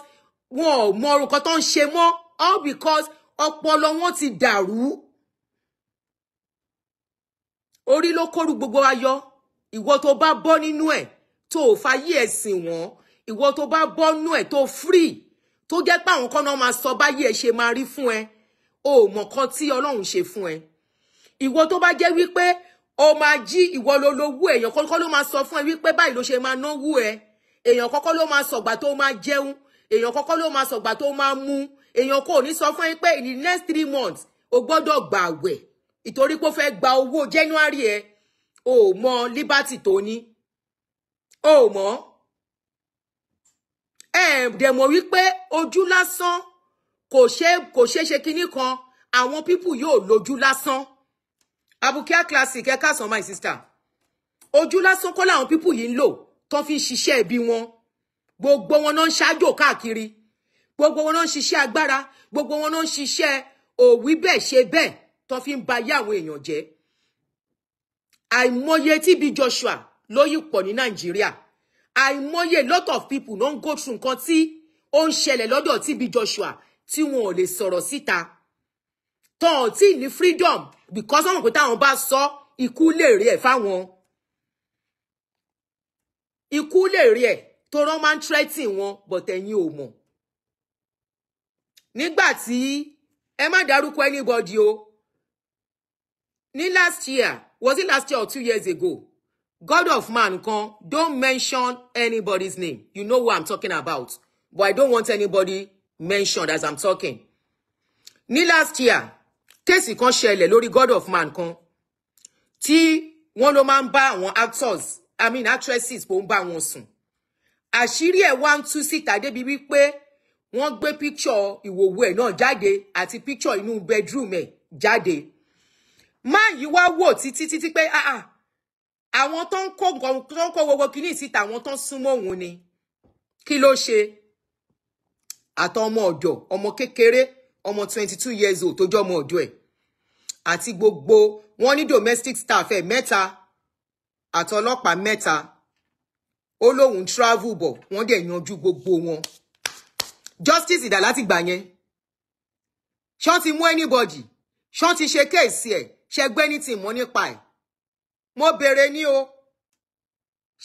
wọn ò mọ orúkọ tó ń ṣe mọ́ all because ọpọlọ wọn ti dàrú orí ló kóru gbogbo ayọ̀ ìwọ tó bá bọ́ nínú ẹ̀ tó ò fàyè ẹ̀sìn wọn ìwọ tó bá bọ́ nínú ẹ̀ tó free tó jẹ́ pé àwọn kan náà máa sọ báyé ẹ ṣe máa rí fún ẹ o mọ̀ kan tí Ọlọ́run ṣe fún ẹ ìwọ tó bá jẹ́ wípé o máa jí ìwọ ló lówó èèyàn kọ́kọ́ ló máa sọ fún ẹ wípé báyìí ló ṣe máa náwó ẹ èèyàn kọ́kọ́ ló máa sọ̀gbà tó máa jẹun èèyàn kọ́kọ́ ló máa sọ̀gbà tó máa mu èèyàn kò ní sọ fún ẹ pé in the next three months o gbọ́dọ̀ gbà wẹ̀ ìtorí pé ó fẹ́ gba owó January ẹ o ò mọ liberty tó ní o ò mọ ẹ dẹ̀ mọ̀ wípé ojú lásán kò ṣeé kò ṣeé ṣe kinní kan àwọn pípù yóò lójú lásán abukia classic ẹ káàsán my sister ojú lásán kọ́ làwọn pípù yìí ń lò tán fi ń ṣiṣẹ́ ẹbí wọn gbogbo wọn náà ń ṣáájò káàkiri gbogbo wọn náà ń ṣiṣẹ́ agbára gbogbo wọn náà ń ṣiṣẹ́ òwí bẹ́ẹ̀ ṣe bẹ́ẹ̀ tán fi ń Joshua ló yí pọ̀ ní Nàìjíríà àìmọye lot of people ló go through nǹkan tí ó ń ṣẹlẹ̀ lọ́dọ̀ TB Joshua tí wọn ò lè sọ̀rọ̀ síta tán ò tí freedom because wọ́n mọ̀ pé táwọn bá so, ikú lè rí ẹ̀ fáwọn ikú lè rí ẹ̀ tó rán máa ń tírẹ́tì wọn but ẹ̀yin ò mọ̀ nígbà tí ẹ má dárúkọ anybody o ní last year was it last year or two years ago God of man kan don't mention anybody's name you know who I'm talking about but I don't want anybody mentioned as I'm talking ní last year kéèsì kan ṣẹlẹ̀ lórí God of Man kan tí wọ́n ló máa ń bá àwọn actors I mean actresses kò ń bá wọn sùn àṣírí ẹ̀ wá ń tú síta débi wípé wọ́n gbé píkṣọ̀ ìwòwò ẹ̀ náà jáde àti píkṣọ̀ inú bedroom ẹ̀ jáde máa yìí wá wò títí títí pé ah ah àwọn tó ń kó nǹkan tó ń kó gbogbo kínní síta àwọn tó ń súnmọ́ òun ni kí ló ṣe àtọmọ ọ̀dọ̀ ọmọ kékeré ọmọ twenty two years old tó jọ ọmọ ọ̀dọ̀ ẹ̀ àti gbogbo wọn ní domestic staff ẹ̀ mẹ́ta àtọlọ́pàá mẹ́ta ó lóun travel bọ̀ wọ́n dẹ̀ yanjú gbogbo wọn justice ìdá láti gbà yẹn ṣọ́ ti mú anybody ṣọ́ ti ṣe kéèsì ẹ̀ ṣẹgbẹ́ ní tìmọ́ nípa ẹ̀ mo béèrè ní o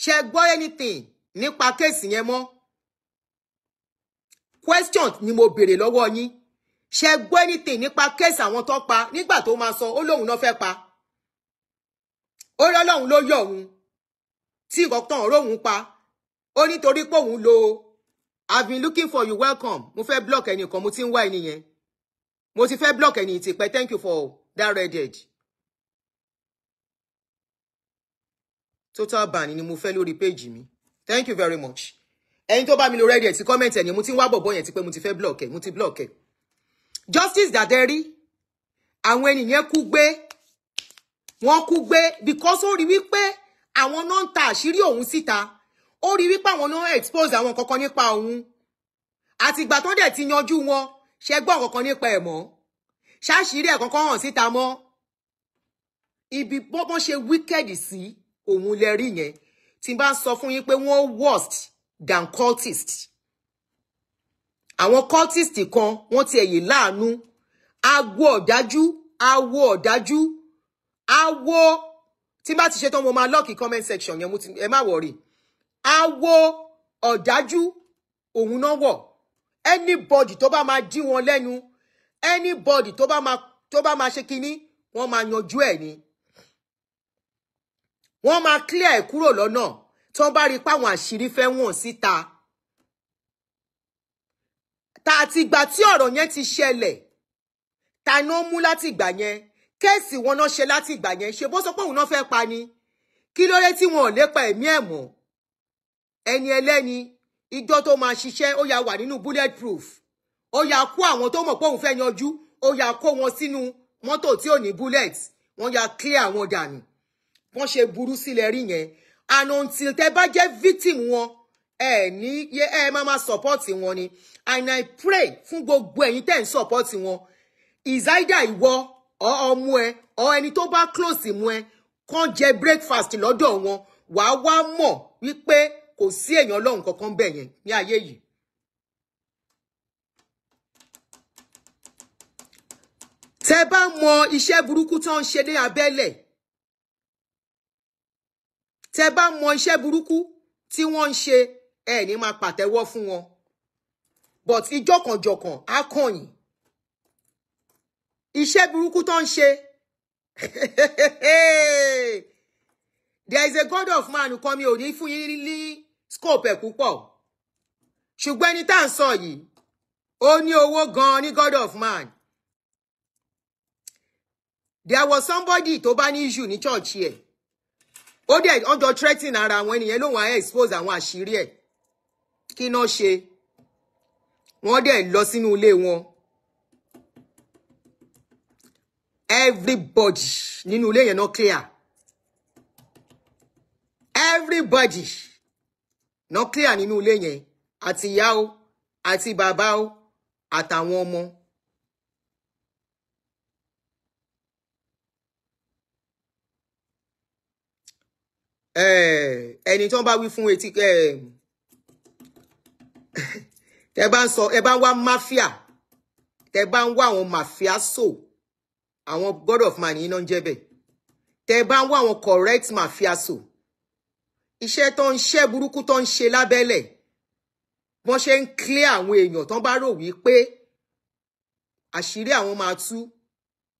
ṣe gbọ́ anything nípa kéèsì yẹn mọ́ question ni mo béèrè lọ́wọ́ yín ṣe gbọ́ anything nípa kéèsì àwọn tó pa nígbà tó máa sọ ó lóun náà fẹ́ pa ó lọ́lọ́run ló yọ òun tí ìkọ̀tàn róhun pa ó nítorí pé òun lo I've been looking for you welcome mo fẹ́ block ẹnìkan mo ti ń wá ẹni yẹn mo ti fẹ́ block ẹni ìtìpẹ́ thank you for that redhead. total ban ni mo fẹ́ lórí péjì mi thank you very much ẹni tó bá mi lo redhead ti comment ẹ̀ ni mo ti ń wá bọ̀bọ̀ yẹn ti pé mo ti fẹ́ block ẹ̀ mo ti block ẹ̀ justice Dàdẹ́rì àwọn ènìyàn kú gbé wọ́n kú gbé because ó rí wípé àwọn náà ń ta àṣírí òun síta ó rí wípé àwọn náà expose àwọn kankan nípa òun àti ìgbà tó dẹ̀ ti yanjú wọn ṣe gbọ́ kankan nípa ẹ̀ mọ́ ṣáṣírí ẹ̀ kankan hàn síta mọ́ ibi bọ́bọ́n ṣe wicked sí òun lẹ rí yẹn tí n bá sọ fún yín pé wọ́n worst than cultist àwọn cultist kan wọ́n ti ẹ̀yìn láàánú awo ọ̀dájú awo ọ̀dájú awo tí bá ti ṣe tán mo máa lọ́ọ̀kì comment section yẹn ẹ má wọ̀rì awo ọ̀dájú òun náà wọ̀ anybody tó bá máa dí wọn lẹ́nu anybody tó bá máa tó bá máa ṣe kinní wọ́n máa yanjú ẹ̀ ni wọ́n máa clear ẹ̀ kúrò lọ́nà tí wọ́n bá rí i pé àwọn àṣírí fẹ́ wọ̀n síta. Si tá àti ìgbà tí ọ̀rọ̀ yẹn ti ṣẹlẹ̀ ta ni ó mú láti ìgbà yẹn kéèsì wọn náà ṣe láti ìgbà yẹn ṣe bó sọ pé òun náà fẹ́ pa ni kí ló dé tí wọn ò lépa ẹ̀mí ẹ̀ mọ́ ẹni ẹlẹ́ni ìjọ tó máa ṣiṣẹ́ ó yà wà nínú bullet proof ó yà kó àwọn tó mọ̀ pé òun fẹ́ yanjú ó yà kó wọn sínú mọ́tò tí ò ní bullet wọ́n yà clear àwọn dànù wọ́n ṣe burú sílẹ̀ rí yẹn and until tẹ bá jẹ́ victim wọn ẹ ní ẹ máa máa support wọn ni and i pray fún gbogbo ẹ̀yin tẹ́ ń support wọn is either ìwọ or ọmọ ẹ or ẹni tó bá close mú ẹ kàn jẹ breakfast lọ́dọ̀ wọn wàá wá mọ̀ wípé kò sí èèyàn Ọlọ́run kankan bẹ́ẹ̀ yẹn ní ayé yìí. tẹ́ bá mọ iṣẹ́ burúkú tó ń ṣe ní abẹ́lẹ̀ tẹ́ bá mọ iṣẹ́ burúkú tí wọ́n ń ṣe ẹ ní máa pàtẹ́wọ́ fún wọn but ìjọkànjọkàn á kàn yín iṣẹ́ burúkú tó ń ṣe there is a god of man kan mi ò ní fún yín ní scope ẹ̀ púpọ̀ ṣùgbọ́n ẹni tá à ń sọ yìí ó ní owó gan ní god of man there was somebody tó bá ní issue ní church yẹn ó dẹ̀ ọjọ́ threatening ara àwọn ènìyàn lòun á expose àwọn àṣírí ẹ̀ kí náà ṣe wọ́n dẹ̀ lọ sínú ilé wọn everybody nínú ilé yẹn náà clear everybody náà clear nínú ilé yẹn àti ìyá o àti bàbá o àtàwọn ọmọ. Eh, ẹni tí wọ́n bá wí fún etí eh, tẹ bá ń sọ ẹ ń wá mafia tẹ bá ń wá àwọn mafia so àwọn god of man yìí náà ń jẹ́ bẹ́ẹ̀ tẹ ń wá àwọn correct mafia so iṣẹ́ tó ń ṣe burúkú tó ń ṣe lábẹ́lẹ̀ wọ́n ṣe ń clear àwọn èèyàn tán bá rò wípé àṣírí àwọn máa tú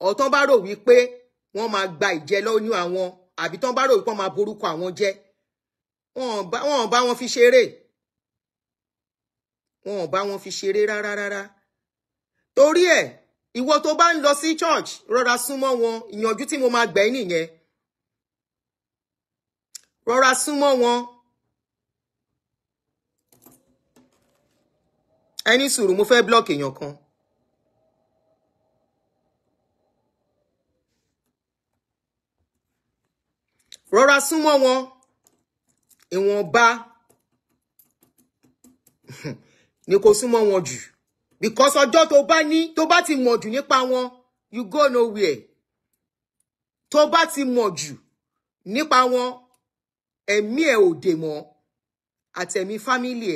ọ̀tán bá rò wípé wọ́n máa gba ìjẹ́ lọ́yún àwọn àbí tán bá rò wípé wọ́n máa borúkọ àwọn jẹ́ wọ́n bá wọn fi ṣeré wọn ò bá wọn fi ṣeré rárá rárá torí ẹ̀ ìwọ tó bá ń lọ sí church rọra súnmọ́ wọn ìyànjú tí mo máa gbẹ nìyẹn rọra súnmọ́ wọn ẹni sùúrù mo fẹ́ block èèyàn kan. rọra súnmọ́ wọn ìwọ̀nba ni kò súnmọ́ wọn jù because ọjọ́ tó bá ní tó bá ti mọ̀ jù nípa wọn you go nowhere tó bá ti mọ̀ jù nípa wọn ẹ̀mí ẹ̀ ò dè mọ́ àtẹ̀mí fámílì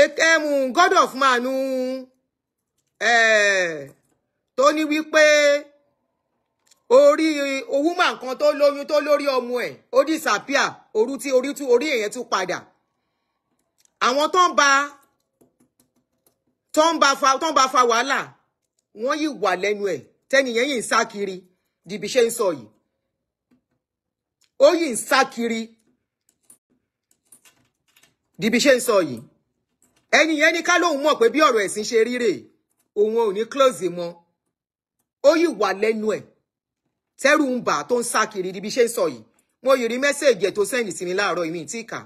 ẹ̀ ẹ̀mú god of man eh, tó ní wípé orí woman kan tó lóyún tó lórí ọmọ ẹ̀ ó disappear orí tí orí tí orí èèyàn tún padà àwọn tó ń ba tó ń ba fa tó ń ba fa wàhálà wọ́n yìí wà lẹ́nu ẹ̀ tẹ́nìyẹn yìí ń sá kiri dìbí ṣe ń sọ yìí ó yìí ń sá kiri dìbí ṣe ń sọ yìí ẹni yẹn ní ká lóun mọ̀ pé bí ọ̀rọ̀ ẹ̀sìn ṣe ríre òun ò ní close mọ́ ó yìí wà lẹ́nu ẹ̀ tẹ́rù ń bà tó ń sá kiri dìbí ṣe ń sọ yìí mo yìí rí mẹ́sẹ̀gì ẹ̀ tó sẹ́ǹdì sí mi láàárọ̀ ìmí tí kà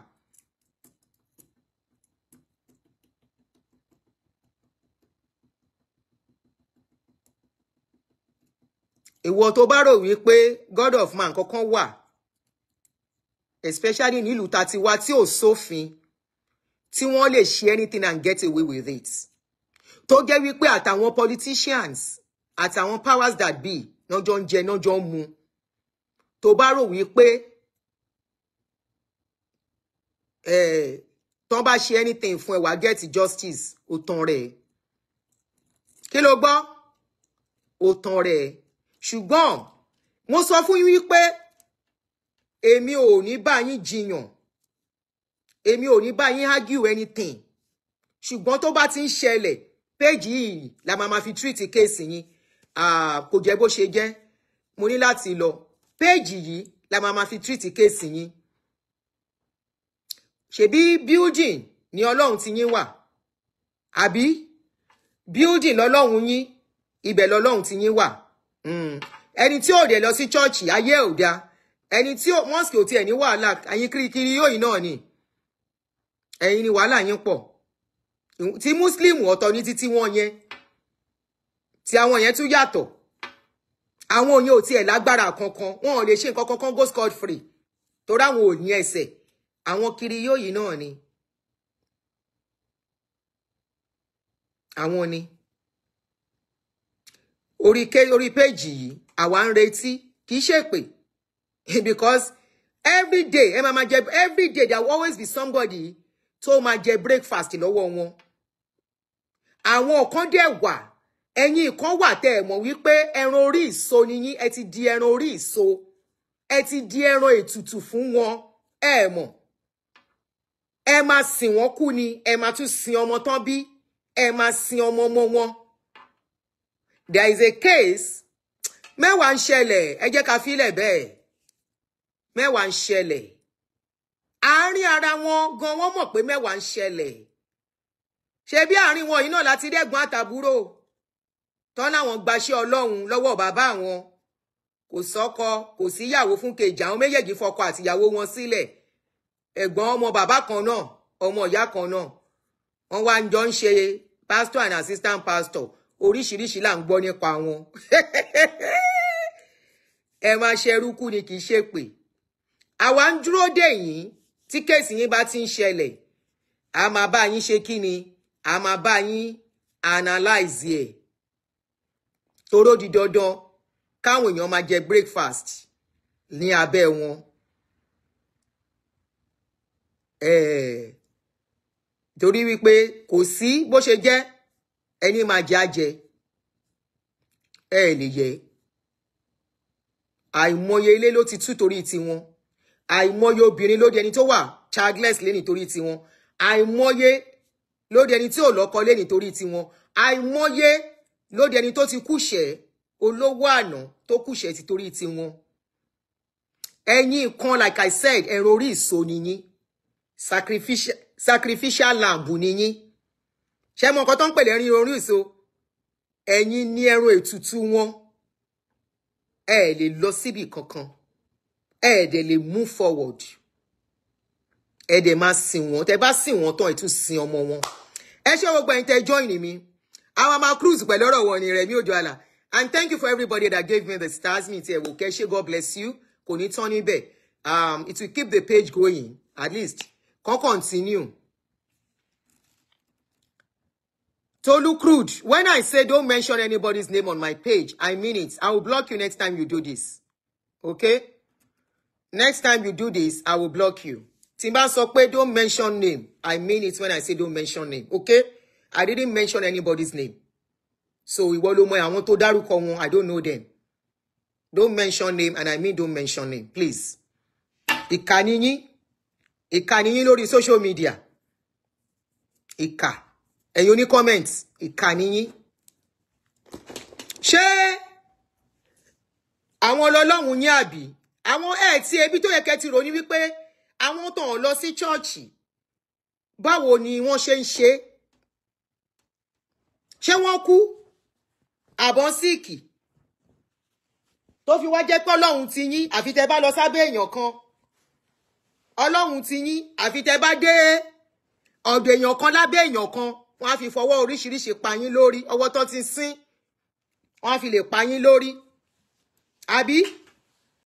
ìwọ tó bá rò wípé god of man kankan wà especially nílùú tatiwa tí ò sófin tí wọ́n lè ṣe anything and get away with it tó jẹ́ wípé àtàwọn politicians àtàwọn powers that be nájọ ń jẹ nájọ ń mu tó bá rò wípé tán bá ṣe anything fún ẹ get justice ó tán rẹ̀ kí ló gbọ́ ó tán ṣùgbọ́n mo sọ fún yín wípé èmi ò ní bá yín jiyàn èmi ò ní bá yín argue anything ṣùgbọ́n tó bá ti ń ṣẹlẹ̀ péjì yìí la máa fi treat kéèsì yín kò jẹ́ bó ṣe jẹ́ mo ní láti lọ péjì yìí la máa fi treat kéèsì yín ṣebí building ni ọlọ́run ti yín wà àbí building lọ́lọ́run yín ibẹ̀ lọ́lọ́run ti yín wà Mm. ẹni tí ò dé lọ sí chọ́ọ̀chì ayé ò dáa ẹni tí mọ́sìkì ò tiẹ̀ ní wàhálà ẹ̀yin kirikiri yóò yìí náà ni ẹ̀yin ni wàhálà yín pọ̀ tí múslímù ọ̀tọ̀ ní títí wọn yẹn tí àwọn yẹn tún yàtọ̀ àwọn yẹn ò tiẹ̀ lágbára kankan wọn ò lè ṣe nǹkan kankan go scot free torí àwọn ò ní ẹsẹ̀ àwọn kiri yóò yìí náà ni àwọn ni orí ké orí péjì yìí àwa ń retí kì í ṣèpè because every day ẹ máa ma jẹ every day there will always be somebody tó máa jẹ breakfast lọ́wọ́ wọn àwọn kan dẹ̀ wà ẹ̀yin kan wà tẹ́ ẹ̀ mọ̀ wípé ẹran orí ìso ni yín ẹ ti di ẹran orí ìso ẹ ti di ẹran ètùtù fún wọn ẹ mọ̀ ẹ máa sìn wọ́n kú ni ẹ máa tún sin ọmọ tán bí ẹ máa sin ọmọ ọmọ wọn there is a case Me wan ṣẹlẹ̀ ẹ jẹ́ ká fílẹ̀ bẹ́ẹ̀ mẹ́wàá ń ṣẹlẹ̀ àárín ara wọn gan wọ́n mọ̀ pé mẹ́wàá ń ṣẹlẹ̀ ṣe bí àárín wọn yìí náà láti dẹ́gbọ́n àtàbúrò tán láwọn gbaṣẹ́ ọlọ́run lọ́wọ́ bàbá àwọn kò sọ́kọ kò síyàwó fún kejì àwọn méjèèjì fọkọ àtìyàwó wọn sílẹ̀ ẹ̀gbọ́n ọmọ bàbá kan náà ọmọ ìyá kan náà wọ́n wá ń jọ pastor and assistant pastor oríṣiríṣi là ń gbọ́ nípa wọn ẹ máa ṣerúkú ni kì í ṣe pé àwa ń dúró dè yín tí kéèsì yín bá ti ń ṣẹlẹ̀ a máa bá yín ṣe kí ni a máa bá yín analyze ẹ̀ toró di dandan káwọn èèyàn máa jẹ breakfast ní abẹ́ wọn. torí wípé kò sí bó ṣe jẹ́ ẹni máa jẹ àjẹ ẹ nìyẹ àìmọye ilé ló ti tú torí tiwọn àìmọye obìnrin ló di ẹni tó wà childless lé nítorí tiwọn àìmọye ló di ẹni tí ò lọ́kọ lé nítorí tiwọn àìmọye ló ẹni tó ti kúṣẹ̀ olówó àná tó kúṣẹ̀ ti torí tiwọn ẹ̀yin kan like I said ẹ̀rọ orí ìso nìyí sacrificial, sacrificial lamb nìyí ṣé mọ nǹkan tó ń pè lẹ́rìn orí ìso ẹ̀yin ní ẹran ètùtù wọn ẹ lè lọ síbi kankan ẹ dẹ̀ lè move forward ẹ dẹ̀ máa sìn wọ́n tẹ bá sìn wọ́n tán ẹ tún sin ọmọ wọn ẹ ṣé gbogbo ẹ̀yin tẹ join mi àwọn máa cruise pẹ̀lú ọ̀rọ̀ wọn ni Rẹ̀mí Òjó Àlà and thank you for everybody that gave me the stars Me, ti ẹ wò kẹ́ ṣé God bless you kò ní tán níbẹ̀ um it will keep the page going at least kan continue. Tolu Crude, when I say don't mention anybody's name on my page, I mean it. I will block you next time you do this. Okay? Next time you do this, I will block you. Timba Sokwe, don't mention name. I mean it when I say don't mention name. Okay? I didn't mention anybody's name. So, ìwọ ló mọ̀ àwọn tó dárúkọ wọn, I don't know them. Don't mention name and I mean don't mention name, please. Ìkà ni yín. Ìkà ni yín social media. Ìkà ẹ̀yin oní comment ìkà níyín ṣé àwọn ọlọ́lọ́hún ní àbí àwọn ẹ̀ tí ebi tó yẹ kẹ́ ti wípé àwọn tó ń lọ sí chọ́ọ̀chì báwo ni wọ́n ṣe ń ṣe ṣé wọ́n kú àbọ̀ síìkì tó fi wá jẹ́ pé ọlọ́run ti yín àfi tẹ́ bá lọ sábẹ́ èèyàn kan ọlọ́run ti yín àfi tẹ́ bá dé ọ̀dọ̀ èèyàn kan lábẹ́ èèyàn kan wọ́n á fi fọwọ́ oríṣiríṣi pa yín lórí ọwọ́ tán ti sín wọ́n á fi lè pa yín lórí àbí